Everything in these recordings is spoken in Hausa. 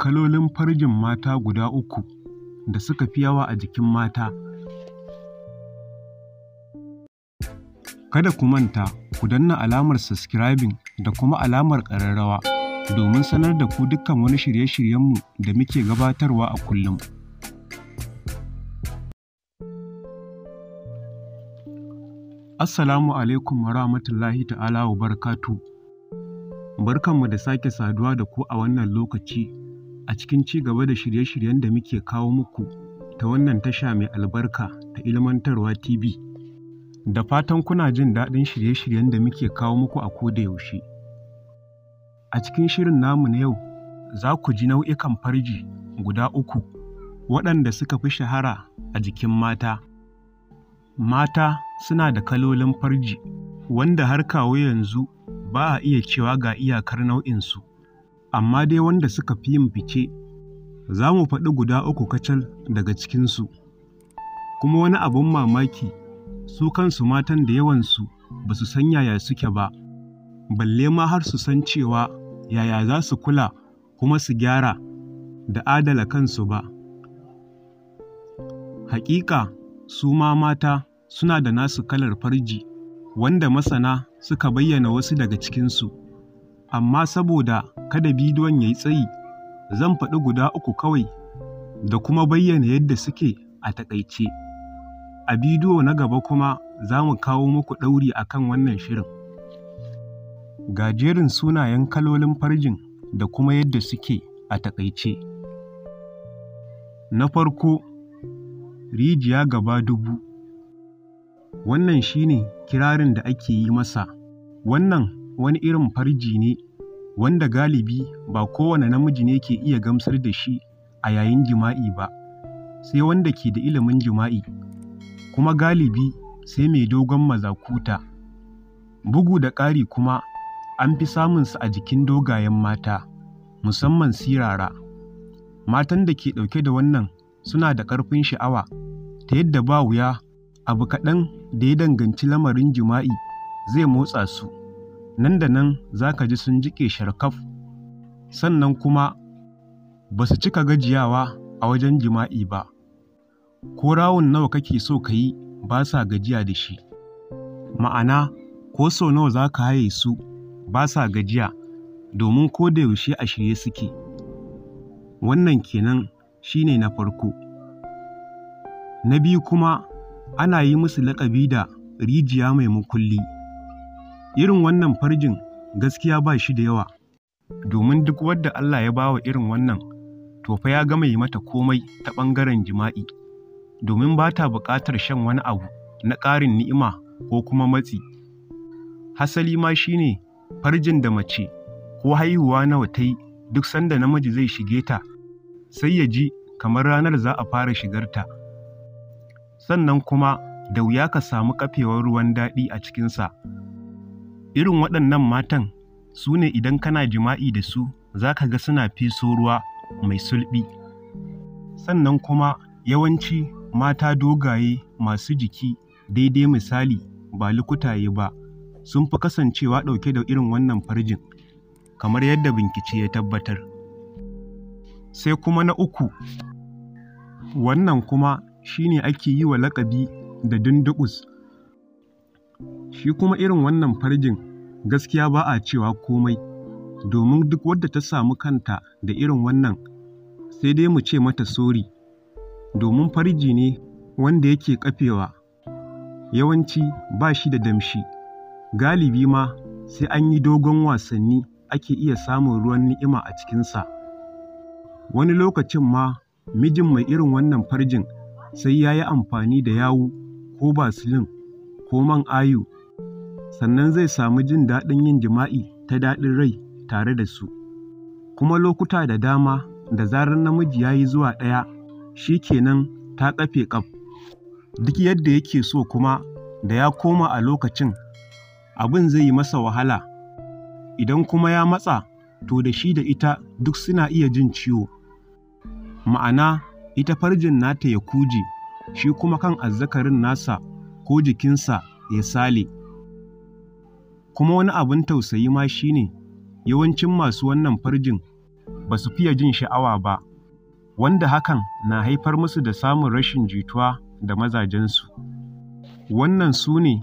kalolin farjin mata guda uku da suka fi yawa a jikin mata. Kada ku manta ku danna alamar subscribing da kuma alamar ƙararrawa domin sanar da ku dukkan wani shirye-shiryenmu da muke gabatarwa a kullum. Assalamu alaikum wa rahmatullahi ta'ala wa barakatuh. Barkanmu da sake saduwa da ku a wannan lokaci a cikin ci gaba da shirye-shiryen da muke kawo muku ta wannan tasha mai albarka ta Ilmantarwa TV. Da fatan kuna jin daɗin shirye-shiryen da muke kawo muku a da yaushe. A cikin shirin namu na yau za ku ji nau'ikan farji guda uku waɗanda suka fi shahara a jikin mata. Mata suna da kalolin farji wanda har kawo yanzu ba a iya cewa ga iyakar nau'insu, amma dai wanda suka fi yin fice, za mu faɗi guda uku kacal daga cikinsu. Kuma wani abin mamaki, su kansu matan da yawansu ba su san yaya suke ba, balle ma har su san cewa yaya za su kula kuma su gyara da adala kansu ba. Hakika, su ma mata suna da nasu kalar farji, wanda masana suka bayyana wasu daga cikinsu, amma saboda kada bidiyon ya yi tsayi, zan faɗi guda uku kawai da kuma bayyana yadda suke a taƙaice. A bidiyo na gaba kuma za mu kawo muku ɗauri a kan wannan shirin. Ga jerin sunayen kalolin farjin da kuma yadda suke a taƙaice. Na farko, rijiya gaba dubu. Wannan shi ne kirarin da ake yi masa. Wannan wani irin farji ne wanda galibi ba kowane namiji ne ke iya gamsar da shi a yayin jima'i ba, sai wanda ke da ilimin jima'i, kuma galibi sai mai dogon mazakuta. Bugu da ƙari kuma, an fi samunsa a jikin dogayen mata, musamman sirara. Matan da ke ɗauke da wannan suna da ƙarfin sha'awa ta yadda ba wuya abu kaɗan da ya danganci lamarin jima'i zai motsa su, nan da nan za ka ji sun jiƙe sharkaf, sannan kuma ba su cika gajiyawa a wajen jima'i ba, ko rawun nawa kake so ka yi ba sa gajiya da shi, ma'ana ko sau nawa za ka haye su ba sa gajiya domin ko da yaushe a shirye suke. Wannan kenan shi ne na farko. Na biyu kuma Ana yi musu laƙabi da "rijiya mai mukulli". Irin wannan farjin gaskiya ba shi da yawa, domin duk wadda Allah ya ba wa irin wannan, to fa ya gama yi mata komai ta ɓangaren jima'i, domin ba ta buƙatar shan wani abu na ƙarin ni'ima ko kuma matsi. Hasali ma shi ne farjin da mace ko haihuwa nawa ta yi duk sanda namiji zai shige ta, sai ya ji kamar ranar za a fara shigarta. sannan kuma da wuya ka samu kafewar ruwan daɗi a cikinsa. Irin waɗannan matan su ne idan kana jima'i da su za ka ga suna feso ruwa mai sulɓi. Sannan kuma yawanci mata dogaye masu jiki daidai misali ba lukutaye ba sun fi kasancewa ɗauke da irin wannan farjin kamar yadda bincike ya tabbatar. Sai kuma na uku, wannan kuma shi ne ake yi wa laƙabi da dunduɓus. Shi kuma irin wannan farjin gaskiya ba a cewa komai, domin duk wadda ta samu kanta da irin wannan sai dai mu ce mata sori, domin farji ne wanda yake ƙafewa, yawanci ba shi da damshi, galibi ma sai an yi dogon wasanni ake iya samun ruwan ni'ima a cikinsa. Wani lokacin ma mijin mai irin wannan farjin sai ya yi amfani da yawu ko basilin ko man ayu sannan zai samu jin daɗin yin jima'i ta daɗin rai tare da su. Kuma lokuta da dama da zarar namiji ya yi zuwa ɗaya shi kenan ta ƙafe ƙaf. Duk yadda yake so kuma da ya koma a lokacin abin zai yi masa wahala. Idan kuma ya matsa to da shi da ita duk suna iya jin ciwo. Ma'ana ita farjin nata ya kuje, shi kuma kan azzakarin nasa ko jikinsa ya sale. Kuma wani abin tausayi ma shi ne, yawancin masu wannan farjin ba su fiye jin sha'awa ba, wanda hakan na haifar musu da samun rashin jituwa da mazajensu. Wannan su ne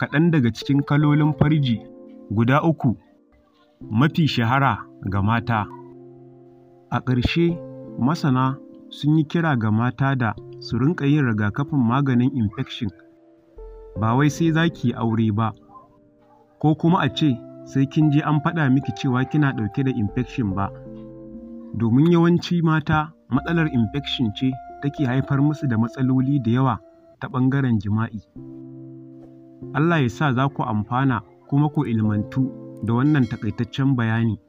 kaɗan daga cikin kalolin farji guda uku mafi shahara ga mata. A ƙarshe, masana sun yi kira ga mata da su rinka yin rigakafin maganin infekshin ba wai sai za ki yi aure ba ko kuma a ce sai kin je an faɗa miki cewa kina ɗauke da infekshin ba domin yawanci mata matsalar infekshin ce take haifar musu da matsaloli da yawa ta ɓangaren jima'i Allah ya sa za ku amfana kuma ku ilmantu da wannan takaitaccen bayani